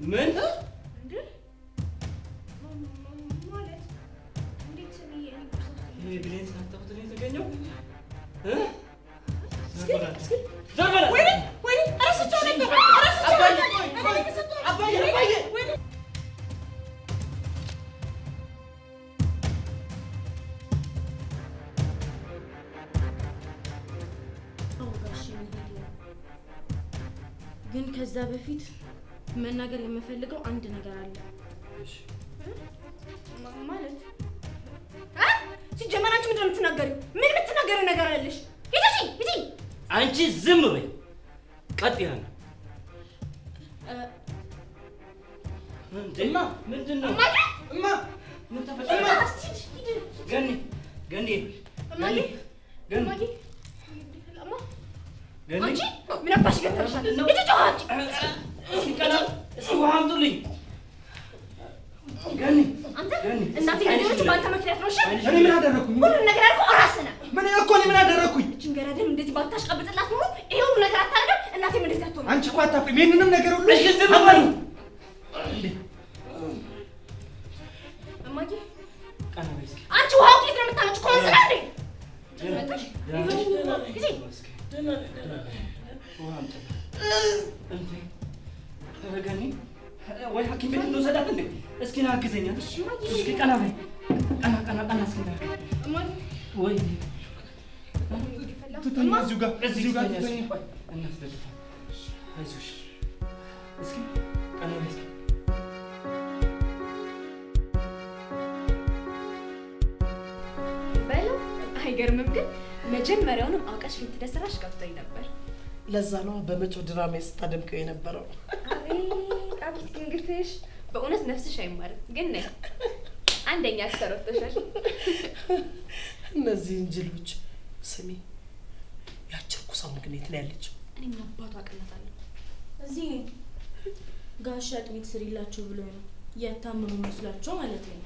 Münde? የምፈልገው አንድ ነገር አለ ማለት ሲጀመር አንቺ ምንድን ነው የምትናገሪው? ምን የምትናገሪው ነገር አለሽ? አንቺ ዝም በይ። ቀጥ ይሆናል እማ ምንድን ነው እማ ምን ተፈጠረ? ገኒ ገኒ ገኒ ገኒ ገኒ ምን አባሽ እስኪ ውሃ አምጡልኝ። ገኒ እናቴ ነገሮች በአንተ ምን አደረኩኝ? ሁሉም ነገር ያልኩህ እራስህ ነህ። ምን እኮ እኔ ምን አደረኩኝ? እችን ገረድህም እንደዚህ ባታሽቀብጥላት ኖሮ ይሄ ሁሉ ነገር አታደርግም። እናቴም እንደዚህ አትሆንም። አንቺ እኮ አታፍሪም። ይሄንንም ነገር ሁሉ እሺ ትበሉ እማዬ። አንቺ ውሃ ውጤት ነው የምታመጭው ከሆነ ስራ እንዴ ጊዜ ገኒ ወይ ሐኪም ቤት እንውሰዳት እንዴ? እስኪ ና አግዘኛ። እስኪ ቀና በይ ቀና ቀና ቀና። እስኪ ቀና በይ አይገርምም ግን መጀመሪያውንም አውቀሽ ፊት ደስራሽ ገብቶኝ ነበር። ለዛ ነው በመጪው ድራማ ስታደምቀው የነበረው። አቤት አቤት በእውነት ነፍስሽ አይማርም። ግን ነይ አንደኛ አስተረፍተሻል። እነዚህን ጅሎች ስሚ፣ ያችን ኩሳው ምግኔት ነው ያለችው። እኔም አባቷ አቅናታለሁ። እዚህ ጋሻ አጥሚት ስሪላቸው ብሎ ነው ያታምሩ መስሏቸው ማለት ነው።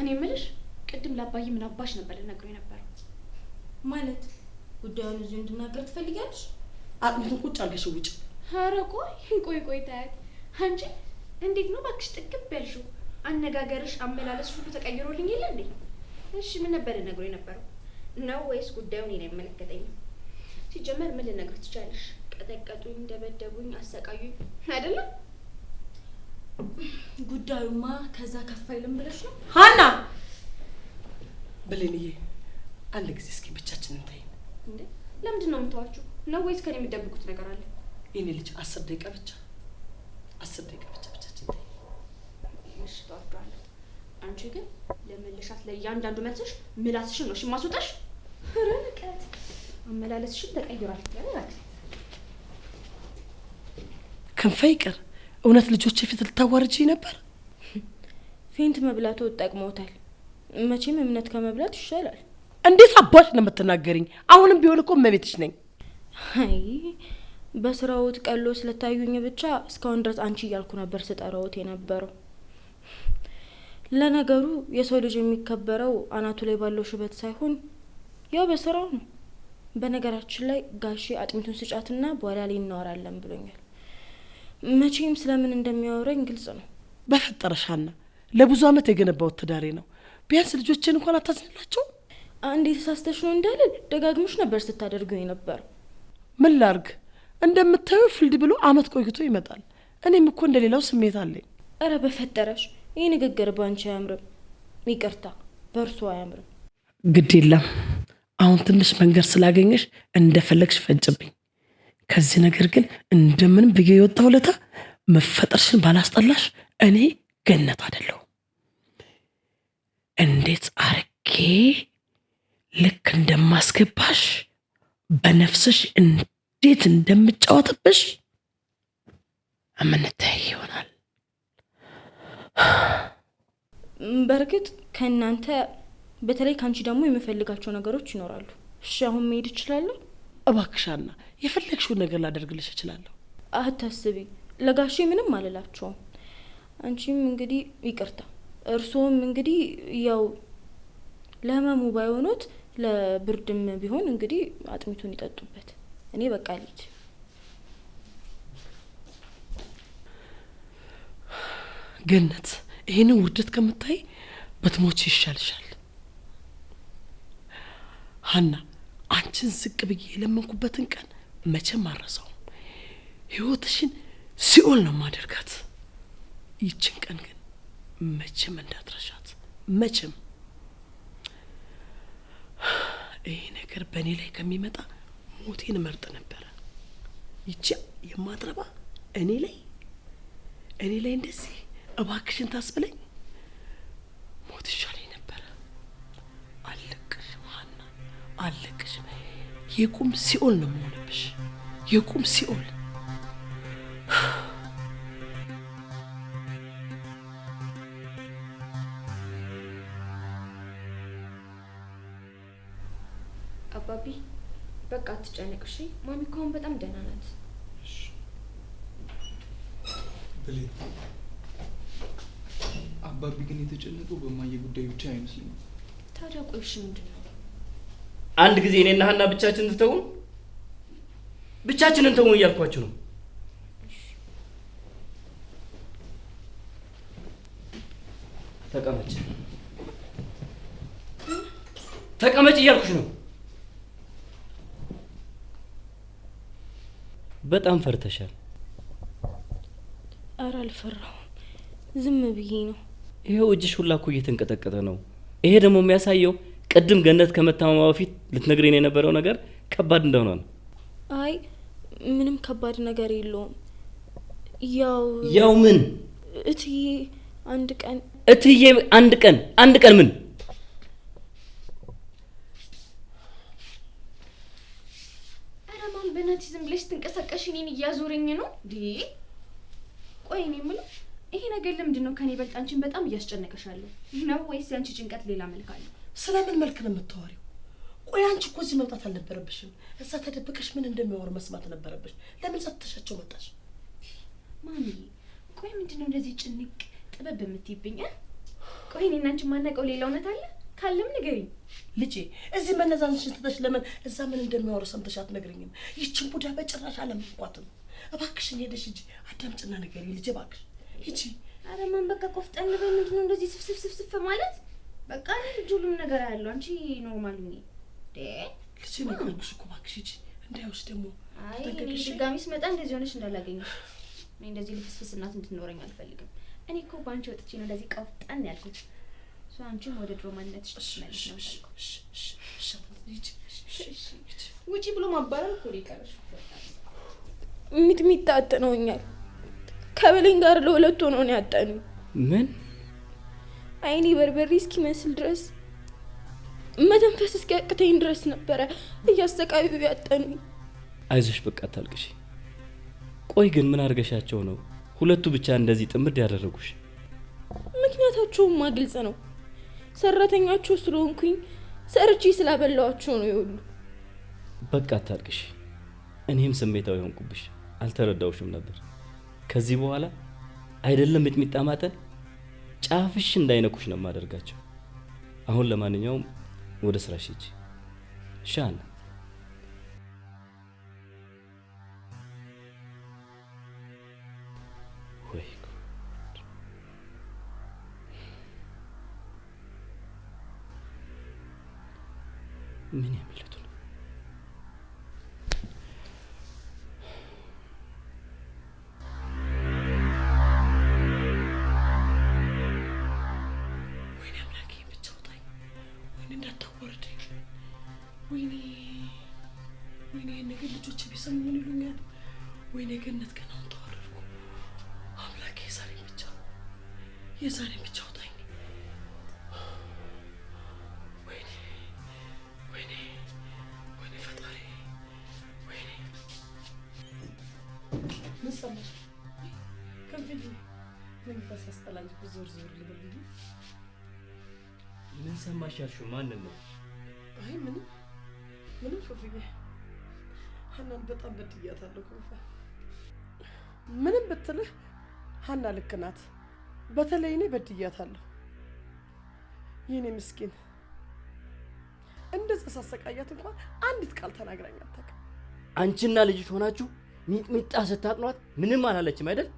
እኔ ምልሽ ቅድም ለአባዬ ምን አባሽ ነበር ልነግሮ የነበረው ማለት ጉዳዩን እዚሁ እንድናገር ትፈልጋለሽ? አጥሚቱን ቁጭ አድርገሽ ውጭ። ኧረ ቆይ ቆይ ቆይ ታያት አንቺ እንዴት ነው እባክሽ ጥግብ ያልሽው? አነጋገርሽ፣ አመላለስሽ ሁሉ ተቀይሮልኝ የለ እንዴ? እሺ ምን ነበር ልነግሮ የነበረው ነው ወይስ ጉዳዩን እኔን አይመለከተኝም? ሲጀመር ምን ልነግር ትቻለሽ? ቀጠቀጡኝ፣ ደበደቡኝ፣ አሰቃዩኝ አይደለም ጉዳዩማ ከዛ ከፍ አይልም ብለሽ ነው ሀና? ብሌንዬ አንድ ጊዜ እስኪ ብቻችን እንታይ እንዴ ለምንድን ነው የምታዋችሁ? ነው ወይስ ከኔ የሚደብቁት ነገር አለ? ይህኔ ልጅ አስር ደቂቃ ብቻ አስር ደቂቃ ብቻ ብቻ ብቻችን ምሽቷችኋለሁ። አንቺ ግን ለመለሻት ለእያንዳንዱ መልስሽ ምላስሽን ነው ሽማስወጣሽ ርቀት አመላለስሽን ተቀይሯል። ክንፈ ይቅር፣ እውነት ልጆች ፊት ልታዋርጂ ነበር። ፌንት መብላቱ ጠቅሞታል። መቼም እምነት ከመብላት ይሻላል። እንዴት አባሽ ነው የምትናገርኝ? አሁንም ቢሆን እኮ እመቤትሽ ነኝ። አይ በስራዎት ቀሎ ስለታዩኝ ብቻ እስካሁን ድረስ አንቺ እያልኩ ነበር ስጠራዎት የነበረው። ለነገሩ የሰው ልጅ የሚከበረው አናቱ ላይ ባለው ሽበት ሳይሆን ያው በስራው ነው። በነገራችን ላይ ጋሼ አጥሚቱን ስጫትና በኋላ ላይ እናወራለን ብሎኛል። መቼም ስለምን እንደሚያወረኝ ግልጽ ነው። በፈጠረሻና ለብዙ አመት የገነባውት ትዳሬ ነው። ቢያንስ ልጆችን እንኳን አታዝንላቸው። አንዴ ተሳስተሽ ነው እንዳልል ደጋግሞች ነበር ስታደርገው የነበረው። ምን ላርግ? እንደምታየው ፍልድ ብሎ አመት ቆይቶ ይመጣል። እኔም እኮ እንደ ሌላው ስሜት አለኝ። እረ በፈጠረሽ ይህ ንግግር ባንቺ አያምርም። ይቅርታ በእርሶ አያምርም። ግድ የለም አሁን ትንሽ መንገድ ስላገኘሽ እንደፈለግሽ ፈጭብኝ። ከዚህ ነገር ግን እንደምን ብዬ የወጣ ውለታ መፈጠርሽን ባላስጠላሽ እኔ ገነት አደለሁ። እንዴት አርጌ ልክ እንደማስገባሽ በነፍስሽ እንዴት እንደምጫወትብሽ የምንተያይ ይሆናል። በእርግጥ ከእናንተ በተለይ ከአንቺ ደግሞ የምፈልጋቸው ነገሮች ይኖራሉ። እሺ፣ አሁን መሄድ እችላለሁ? እባክሻና የፈለግሽውን ነገር ላደርግልሽ እችላለሁ። አታስቢ፣ ለጋሼ ምንም አልላቸውም። አንቺም እንግዲህ ይቅርታ፣ እርስዎም እንግዲህ ያው ለህመሙ ባይሆኑት ለብርድም ቢሆን እንግዲህ አጥሚቱን ይጠጡበት። እኔ በቃ ልጅ ገነት ይህንን ውርደት ከምታይ በትሞች ይሻልሻል። ሀና አንቺን ዝቅ ብዬ የለመንኩበትን ቀን መቼም አረሳውም። ህይወትሽን ሲኦል ነው ማደርጋት። ይችን ቀን ግን መቼም እንዳትረሻት መቼም ይሄ ነገር በእኔ ላይ ከሚመጣ ሞቴን መርጥ ነበረ። ይቺ የማትረባ እኔ ላይ እኔ ላይ እንደዚህ እባክሽን ታስብለኝ ሞት ይሻለኝ ነበረ። አለቅሽ ሀና፣ አለቅሽ የቁም ሲኦል ነው የምሆንብሽ፣ የቁም ሲኦል በቃ አትጨነቅ እሺ። ማሚ እኮ አሁን በጣም ደህና ናት። አባቢ ግን የተጨነቀው በማየ ጉዳይ ብቻ አይመስለኝም። ታዲያ ቆይ እሺ ምንድን ነው? አንድ ጊዜ እኔ እና ሀና ብቻችን ትተውን ብቻችንን ተውን እያልኳችሁ ነው። ተቀመጭ ተቀመጭ እያልኩሽ ነው። በጣም ፈርተሻል። አረ አልፈራሁም፣ ዝም ብዬ ነው። ይኸው እጅሽ ሁላ እኮ እየተንቀጠቀጠ ነው። ይሄ ደግሞ የሚያሳየው ቅድም ገነት ከመታመማ በፊት ልትነግሬን የነበረው ነገር ከባድ እንደሆነ ነው። አይ ምንም ከባድ ነገር የለውም። ያው ያው ምን እትዬ አንድ ቀን እትዬ አንድ ቀን አንድ ቀን ምን ስትንቀሳቀሽ እኔን እያዞረኝ ነው። ቆይ እኔ የምለው ይሄ ነገር ለምንድን ነው ከኔ ይበልጥ አንቺን በጣም እያስጨነቀሻለሁ ነው ወይስ ያንቺ ጭንቀት ሌላ መልክ አለው? ስለምን መልክ ነው የምታወሪው? ቆይ አንቺ እኮ እዚህ መውጣት አልነበረብሽም። እዛ ተደብቀሽ ምን እንደሚያወሩ መስማት ነበረብሽ። ለምን ሳትተሻቸው መጣሽ? ማሚ ቆይ ምንድን ነው እንደዚህ ጭንቅ ጥበብ የምትይብኝ? ቆይ እኔና አንቺ ሌላ እውነት አለ ካለም ንገሪ ልጄ። እዚህ መነዛንሽን ትተሽ ለምን እዛ ምን እንደሚያወሩ ሰምተሽ አትነግሪኝም? ይችን ቡዳ በጭራሽ አለምኳትም። እባክሽን ሄደሽ ሂጂ አዳምጭና ንገሪ ልጄ፣ እባክሽ ሂጂ። አረ ማን በቃ ቆፍጠን በይ። ምንድን ነው እንደዚህ ስፍስፍ ማለት? በቃ ልጅ ሁሉም ነገር ያለው አንቺ ኖርማል ሁኚ ልጄ። ነገርኩሽ እኮ እባክሽ ሂጂ፣ እንዳይወስድ ደግሞ ድጋሚ ስመጣ እንደዚህ ሆነሽ እንዳላገኘሽ። እኔ እንደዚህ ልፍስፍስናት እንድትኖረኝ አልፈልግም። እኔ እኮ በአንቺ ወጥቼ ነው እንደዚህ ቆፍጠን ያልኩት። አንቺም ወደ ድሮ ማንነትሽ ትመለሽ ነው። ውጪ ብሎ ማባረር እኮ ሊቀርሽ ሚጥሚጣ አጥነውኛል። ከበለኝ ጋር ለሁለት ሆነው ነው ያጠኑ። ምን አይኔ በርበሬ እስኪመስል ድረስ መተንፈስ እስኪያቅተኝ ድረስ ነበረ እያሰቃዩ ያጠኑ። አይዞሽ በቃ አታልቅሽ። ቆይ ግን ምን አድርገሻቸው ነው ሁለቱ ብቻ እንደዚህ ጥምድ ያደረጉሽ? ምክንያታቸውማ ግልጽ ነው። ሰራተኛችሁ ስለሆንኩኝ ሰርቼ ስላበላዋቸው ነው። ይሁሉ በቃ አታልቅሽ። እኔም ስሜታዊ ሆንኩብሽ፣ አልተረዳውሽም ነበር። ከዚህ በኋላ አይደለም ሚጥሚጣ ማጠን ጫፍሽ እንዳይነኩሽ ነው የማደርጋቸው። አሁን ለማንኛውም ወደ ስራሽ ሂጂ ሻና ምን ያመለጡ ነው? ወይኔ አምላኬ፣ ብቻ ውጣኝ! ወይኔ እንዳታወርደኝ! ወይኔ ወይኔ፣ ነገር ልጆች ቢሰሙ ምን ይሉኛል? ወይኔ ገነት፣ ገና አሁን ተዋረድኩ። አምላኬ፣ የዛሬን ብቻ የዛሬ ብቻ ማንን ነው? አይ ምንም ምንም ፉፉዬ፣ ሀናን በጣም በድያታለሁ። ኮፋ ምንም ብትልህ ሀና ልክ ናት። በተለይ እኔ በድያታለሁ። የኔ ምስኪን እንደዛ ሳሰቃያት እንኳን አንዲት ቃል ተናግራኝ አታውቅም። አንቺና ልጅሽ ሆናችሁ ሚጥሚጣ ስታጥኗት ምንም አላለችም አይደል?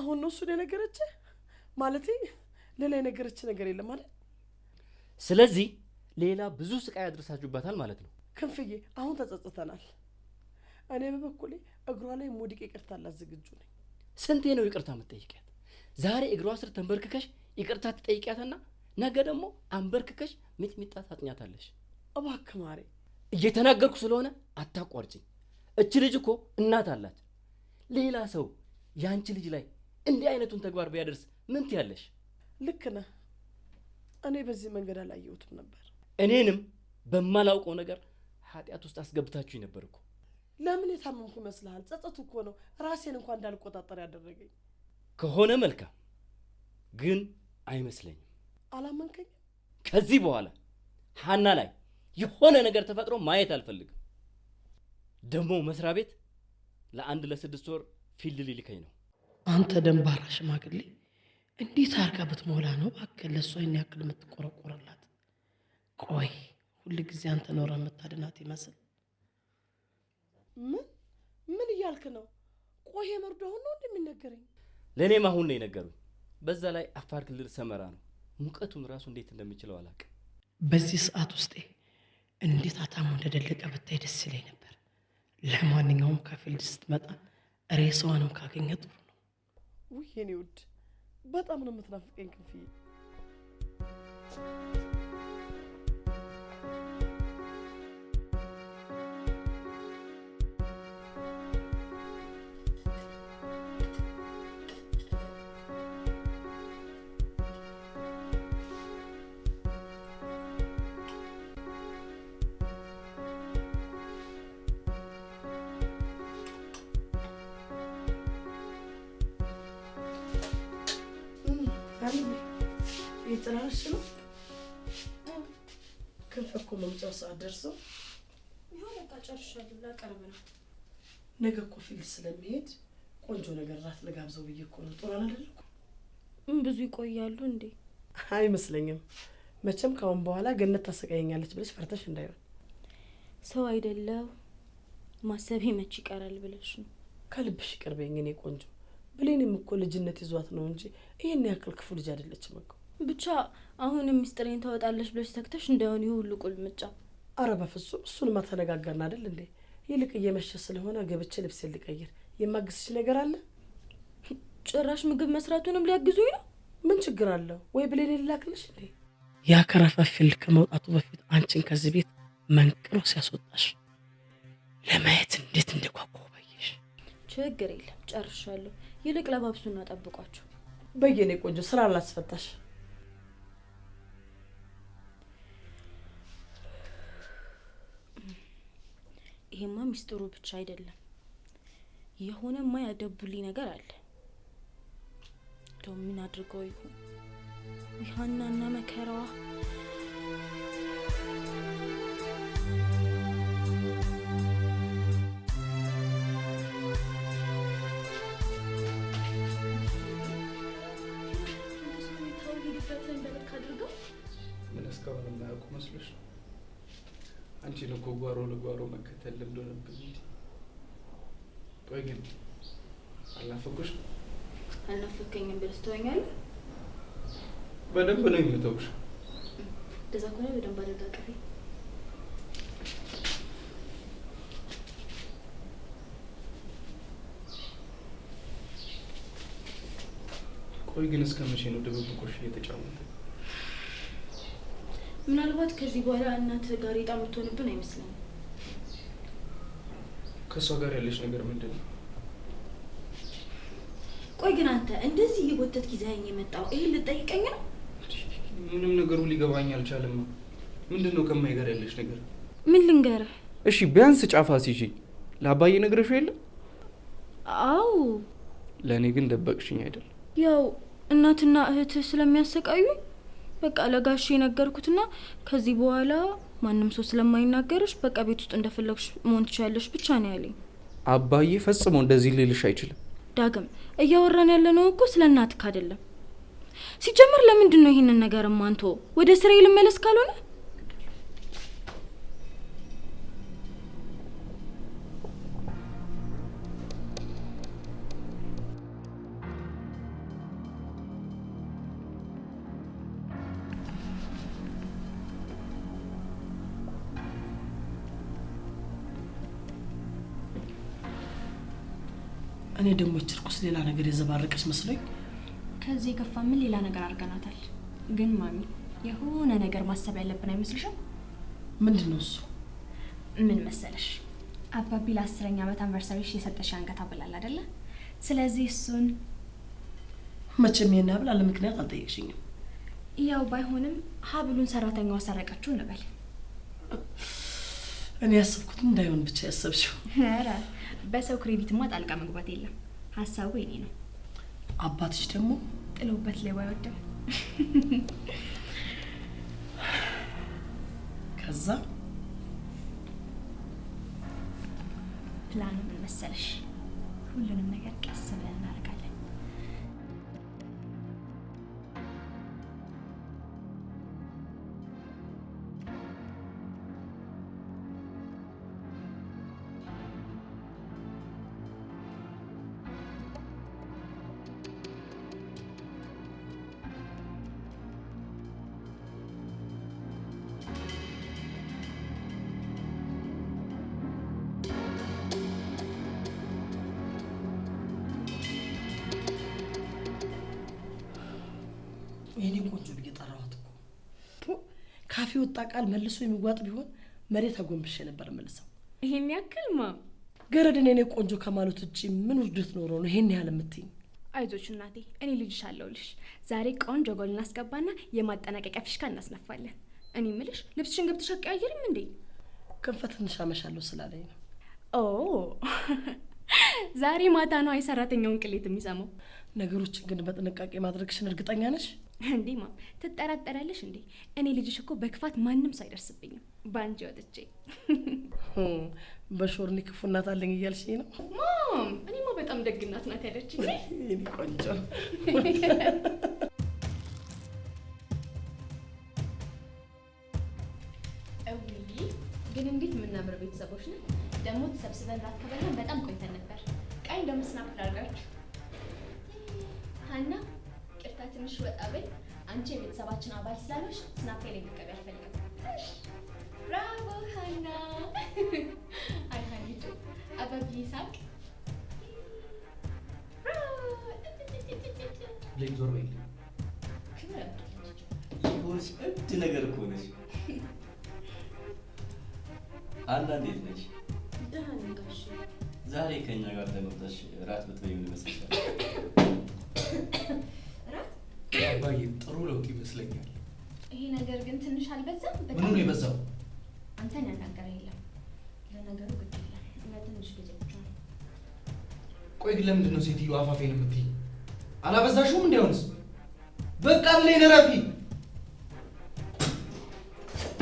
አሁን ነው እሱን የነገረች። ማለት ሌላ የነገረች ነገር የለም አይደል? ስለዚህ ሌላ ብዙ ስቃይ ያደርሳችሁባታል ማለት ነው። ክንፍዬ አሁን ተጸጽተናል። እኔ በበኩሌ እግሯ ላይ ሞድቅ ይቅርታ ላት ዝግጁ ነኝ። ስንቴ ነው ይቅርታ የምትጠይቂያት? ዛሬ እግሯ ስር ተንበርክከሽ ይቅርታ ትጠይቂያትና ነገ ደግሞ አንበርክከሽ ሚጥሚጣ ታጥኛታለሽ። እባክህ ማሬ፣ እየተናገርኩ ስለሆነ አታቋርጭኝ። እች ልጅ እኮ እናት አላት። ሌላ ሰው የአንቺ ልጅ ላይ እንዲህ አይነቱን ተግባር ቢያደርስ ምን ትያለሽ? ልክ ነህ። እኔ በዚህ መንገድ አላየሁትም ነበር። እኔንም በማላውቀው ነገር ኃጢአት ውስጥ አስገብታችሁ ነበር እኮ። ለምን የታመምኩ ይመስልሃል? ጸጸቱ እኮ ነው ራሴን እንኳን እንዳልቆጣጠር ያደረገኝ። ከሆነ መልካም፣ ግን አይመስለኝም። አላመንከኝ። ከዚህ በኋላ ሀና ላይ የሆነ ነገር ተፈጥሮ ማየት አልፈልግም። ደግሞ መስሪያ ቤት ለአንድ ለስድስት ወር ፊልድ ሊልከኝ ነው። አንተ ደንባራ ሽማግሌ እንዴት አርጋ ብትሞላ ነው እባክህ ለእሷ ይህን ያክል የምትቆረቆረላት? ቆይ ሁል ጊዜ አንተ ኖረ የምታድናት ይመስል ምን ምን እያልክ ነው? ቆይ የመርዶ አሁን ነው እንደሚነገረኝ? ለእኔም አሁን ነው የነገሩኝ። በዛ ላይ አፋር ክልል ሰመራ ነው። ሙቀቱን ራሱ እንዴት እንደሚችለው አላውቅም። በዚህ ሰዓት ውስጤ እንዴት አታሙ እንደደለቀ ብታይ ደስ ይለኝ ነበር። ለማንኛውም ከፊልድ ስትመጣ ሬሳዋንም ካገኘ ጥሩ ነው። ውይ የኔ ውድ በጣም ነው የምትናፍቀኝ ክንፍዬ። እየተንተራሽ ነው። ክንፈ እኮ መምጫው ሰዓት ደርሶ ይሁን በቃ ጨርሻለሁ። ላቀርብ ነው። ነገ እኮ ፊልድ ስለሚሄድ ቆንጆ ነገር ራት ልጋብዘው ብዬ እኮ ነው። ጥሩ አላደረኩም። ብዙ ይቆያሉ እንዴ? አይመስለኝም። መቼም ካሁን በኋላ ገነት ታሰቃየኛለች ብለሽ ፈርተሽ እንዳይሆን ሰው አይደለው ማሰቤ መች ይቀራል ብለሽ ነው። ከልብሽ ይቅር እኔ ቆንጆ ብሌንም እኮ ልጅነት ይዟት ነው እንጂ ይህን ያክል ክፉ ልጅ አይደለችም እኮ ብቻ አሁንም ሚስጥሬን ታወጣለች ብለሽ ተክተሽ እንዳይሆን ይህ ሁሉ ቁልምጫ። አረ በፍጹም እሱንማ ተነጋገርን አይደል እንዴ? ይልቅ እየመሸ ስለሆነ ገብቼ ልብሴ ልቀይር። የማግዝሽ ነገር አለ? ጭራሽ ምግብ መስራቱንም ሊያግዙኝ ነው። ምን ችግር አለው? ወይ ብሌን ላክልሽ እንዴ? ያ ከረፈፊ ከመውጣቱ በፊት አንቺን ከዚህ ቤት መንቅሮ ሲያስወጣሽ ለማየት እንዴት እንደጓጓሁ ባየሽ። ችግር የለም ጨርሻለሁ። ይልቅ ለባብሱና ጠብቋቸው። በየኔ ቆንጆ ስራ አላስፈታሽ ይሄማ ሚስጥሩ ብቻ አይደለም፣ የሆነ ማያደቡልኝ ነገር አለ። እንደው ምን አድርገው ይሁን ይሃናና መከራዋ ምን እስካሁን የማያውቁ መስሎሽ ነው? አንቺ ነው ጓሮ ለጓሮ መከተል ልምዶ ነበር። ቆይ ግን አልናፈኩሽ? አልናፈከኝም ብለህ ስትወኛለህ። በደንብ ነው የምተውሽ። እንደዛ ከሆነ በደንብ አድርጋ ቆይ ግን እስከ መቼ ነው ድብብቆሽ እየተጫወተ ምናልባት ከዚህ በኋላ እናት ጣ የምትሆንብን አይመስለኝም። ከእሷ ጋር ያለች ነገር ምንድን ነው? ቆይ ግን አንተ እንደዚህ እየጎተት ጊዜያኝ የመጣው ይህን ልጠይቀኝ ነው? ምንም ነገሩ ሊገባኝ አልቻለም። ምንድን ነው ከማይ ጋር ያለች ነገር? ምን ልንገር? እሺ ቢያንስ ጫፋ አስይዤ ለአባዬ ነግረሽው የለ? አዎ። ለእኔ ግን ደበቅሽኝ አይደል? ያው እናትና እህትህ ስለሚያሰቃዩኝ? በቃ ለጋሽ የነገርኩትና ከዚህ በኋላ ማንም ሰው ስለማይናገርሽ በቃ ቤት ውስጥ እንደፈለግሽ መሆን ትችላለሽ ብቻ ነው ያለኝ። አባዬ ፈጽሞ እንደዚህ ሊልሽ አይችልም። ዳግም እያወራን ያለ ነው እኮ ስለ እናትክ አይደለም። ሲጀምር ለምንድን ነው ይህንን ነገር ማንቶ ወደ ስራ ልመለስ ካልሆነ እኔ ደግሞ ችርኩስ ሌላ ነገር የዘባረቀች መስሎኝ ከዚህ የከፋ ምን ሌላ ነገር አድርገናታል። ግን ማሚ የሆነ ነገር ማሰብ ያለብን አይመስልሽም? ምንድን ነው እሱ? ምን መሰለሽ አባቢ ለአስረኛ ዓመት አንቨርሳሪሽ የሰጠሽ አንገት ብላል አይደለ? ስለዚህ እሱን መቼም ይሄን ብላ ለምክንያት ምክንያት አልጠየቅሽኝም። ያው ባይሆንም ሀብሉን ሰራተኛው አሰረቀችው እንበል። እኔ ያሰብኩት እንዳይሆን ብቻ ያሰብሽው። በሰው ክሬዲትማ ጣልቃ መግባት የለም። ሀሳቡ የኔ ነው። አባትሽ ደግሞ ጥለውበት ላይ ባይወደም ከዛ ፕላኑ ምን መሰለሽ? ሁሉንም ነገር ቀስ ብለን እናደርጋለን። ቁጣ ቃል መልሶ የሚዋጥ ቢሆን መሬት አጎንብሼ ነበር መልሰው። ይሄን ያክል ማ ገረድን የኔ ቆንጆ ከማለት ውጭ ምን ውርደት ኖሮ ነው ይሄን ያህል የምትይኝ? አይዞች እናቴ፣ እኔ ልጅሽ አለሁልሽ። ዛሬ ቆንጆ ጎል እናስገባና የማጠናቀቂያ ፊሽካ እናስነፋለን። እኔ ምልሽ ልብስሽን ገብተሽ አትቀያየሪም እንዴ? ክንፈ ትንሽ አመሻለሁ ስላለኝ ነው። ኦ ዛሬ ማታ ነው የሰራተኛውን ቅሌት የሚሰማው። ነገሮችን ግን በጥንቃቄ ማድረግሽን እርግጠኛ ነሽ? እንዴ ማም ትጠራጠራለሽ እንዴ? እኔ ልጅሽ እኮ በክፋት ማንም ሰው አይደርስብኝም። በአንቺ ወጥቼ በሾርኒ ክፉ እናት አለኝ እያልሽ ነው ማም? እኔማ በጣም ደግ እናት ናት ያለችኝ። ቆንጆ ግን እንዴት የምናምር ቤተሰቦች ነን። ደግሞ ተሰብስበን ራት በጣም ቆይተን ነበር። ቀይ እንደምስናፍል አድርጋችሁ ሀና ትንሽ ወጣ በይ። አንቺ የቤተሰባችን አባል ስላለሽ ስናፍቄን ልትቀቢ አልፈልግም። ብራቮ ሀና። አይሀኒቱ አበብ ይሳቅ ዞር እብድ ነገር እኮ ነች። አና እንዴት ነች? ዛሬ ከእኛ ጋር ለመምጣትሽ ራት ብትበይ ምን አይ ጥሩ ለውጥ ይመስለኛል። ይሄ ነገር ግን ትንሽ አልበዛም? ምኑ ነው የበዛው? አንተን ያናገረ የለም። ለነገሩ ግድ የለም እና ጊዜ ብቻ ነው። ቆይ ግን ለምንድን ነው ሴትዮ የምትይኝ? አላበዛሽውም? እንዲያውንስ በቃ ብለኝ ነረፊ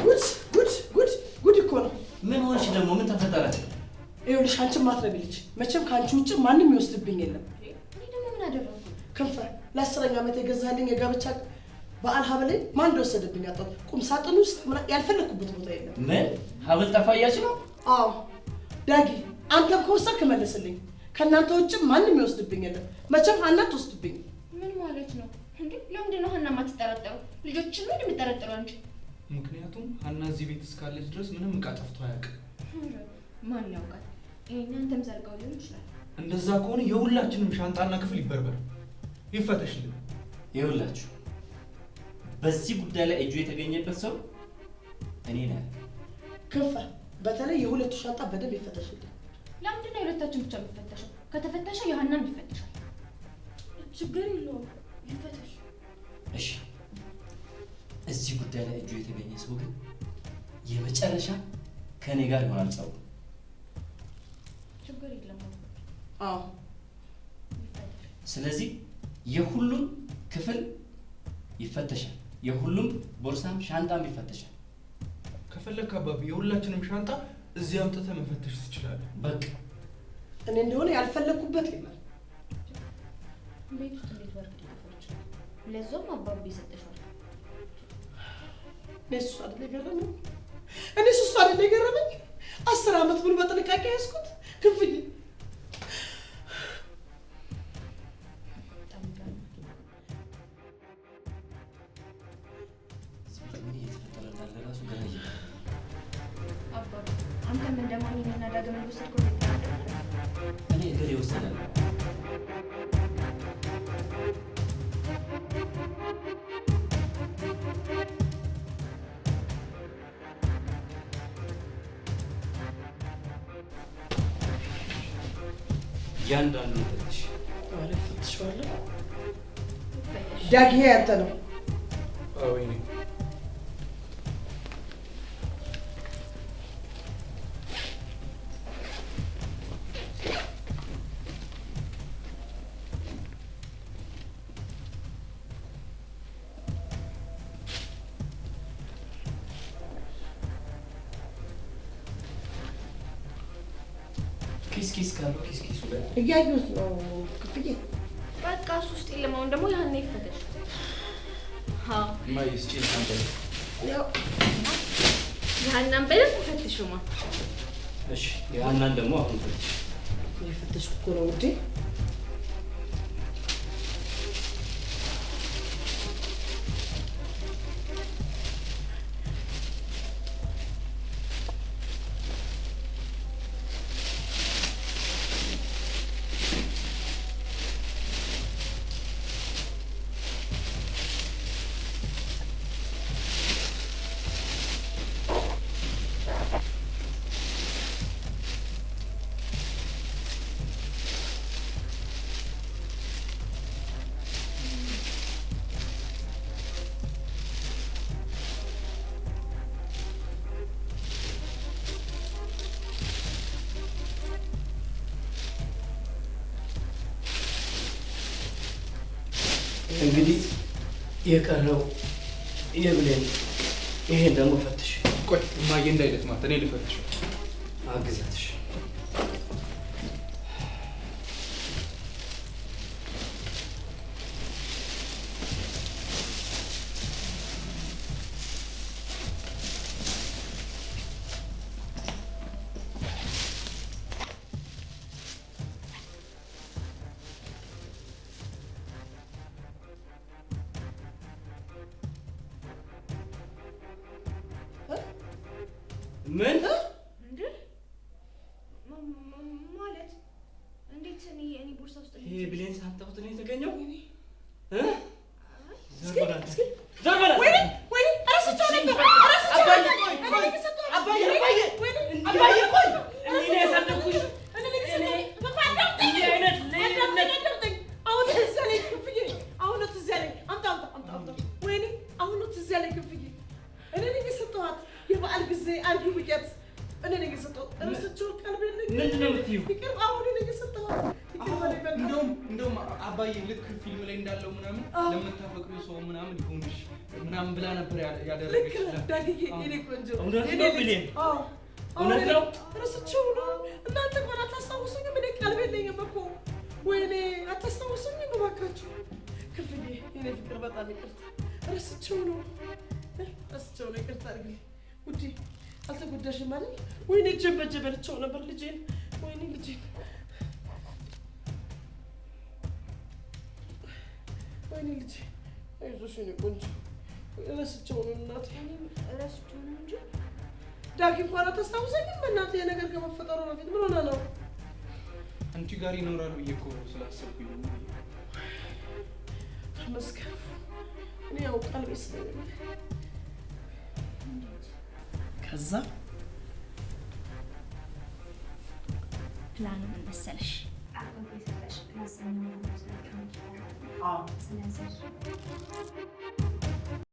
ጉድ ጉድ ጉድ ጉድ እኮ ነው። ምን ሆንሽ ደግሞ? ምን ተፈጠረ? ይኸውልሽ ልጅ፣ መቼም ከአንቺ ውጭ ማንም ይወስድብኝ የለም። እኔ ደግሞ ምን አደረኩ? ከንፈር ለአስረኛ ዓመት የገዛልኝ የጋብቻ በዓል ሀብል ማን እንደወሰደብኝ አጣሁ። ቁም ሳጥን ውስጥ ያልፈለግኩበት ቦታ የለም። ምን ሀብል ጠፋ እያች ነው? አዎ ዳጊ፣ አንተም ከወሰድክ መልስልኝ። ከእናንተ ውጭም ማንም ይወስድብኝ የለም። መቼም ሀና ትወስድብኝ። ምን ማለት ነው እንዴ? ለምንድን ነው ሀና ማትጠረጠሩ? ልጆችን ምን የምጠረጥሩ እንጂ ምክንያቱም ሀና እዚህ ቤት እስካለች ድረስ ምንም እቃ ጠፍቶ አያውቅም። ማን ያውቃል? ይሄን አንተም ዘርቀው ሊሆን ይችላል። እንደዛ ከሆነ የሁላችንም ሻንጣና ክፍል ይበርበር። ይፈተሽልን። ይኸውላችሁ በዚህ ጉዳይ ላይ እጁ የተገኘበት ሰው እኔ ነ ክፍ በተለይ የሁለቱ ሻንጣ በደንብ ይፈተሽልን። ለምንድን ነው የሁለታችን ብቻ የሚፈተሸው? ከተፈተሸ የሀናም ይፈተሻል። ችግር የለውም ይፈተሽ። እሺ እዚህ ጉዳይ ላይ እጁ የተገኘ ሰው ግን የመጨረሻ ከእኔ ጋር ይሆናል። ሰው ችግር የለም። አዎ ስለዚህ የሁሉም ክፍል ይፈተሻል። የሁሉም ቦርሳም ሻንጣም ይፈተሻል። ከፈለግ አባቢ የሁላችንም ሻንጣ እዚህ አምጥተህ መፈተሽ ትችላለህ። በቃ እኔ እንደሆነ ያልፈለግኩበት ይላል ለዞም ውስጥ እንዴት ወርቅ አባቢ ሰጠሻል። እሱ አይደል የገረመኝ እኔ እሱ አይደል የገረመኝ አስር አመት ሙሉ በጥንቃቄ ያዝኩት ክፍል ዳግሄ ያንተ ነው። করে উঠি እንግዲህ የቀረው የብሌን ይሄን ደግሞ ፈትሽ። ቆይ እማዬ እንዳይለት ማለት እኔ ልፈትሽ አግዛትሽ ዞር በላት እርባቸው ነው እርባቸው ነው። ይቅርታ አድርግልኝ ውዴ። አልተጎዳሽም አይደል? ወይኔ ጀበጀበልቸው ነበር ልጄን። ወይኔ ልጄን፣ ወይኔ ልጄ። አይዞሽ የእኔ ቆንጆ። እረስቸው ነው እናቴ፣ እረስቸው ነው እንጂ ዳጊ እንኳን አታስታውሰኝም። እናቴ የነገር ከመፈጠሩ በፊት ምን ሆነ ነው አንቺ ጋር ይኖራል ብዬ እኮ ስላሰብኩኝ። ተመስገን እኔ ያውቃል መሰለኝ። ከዛ ፕላኑ ምን መሰለሽ? ስለዚህ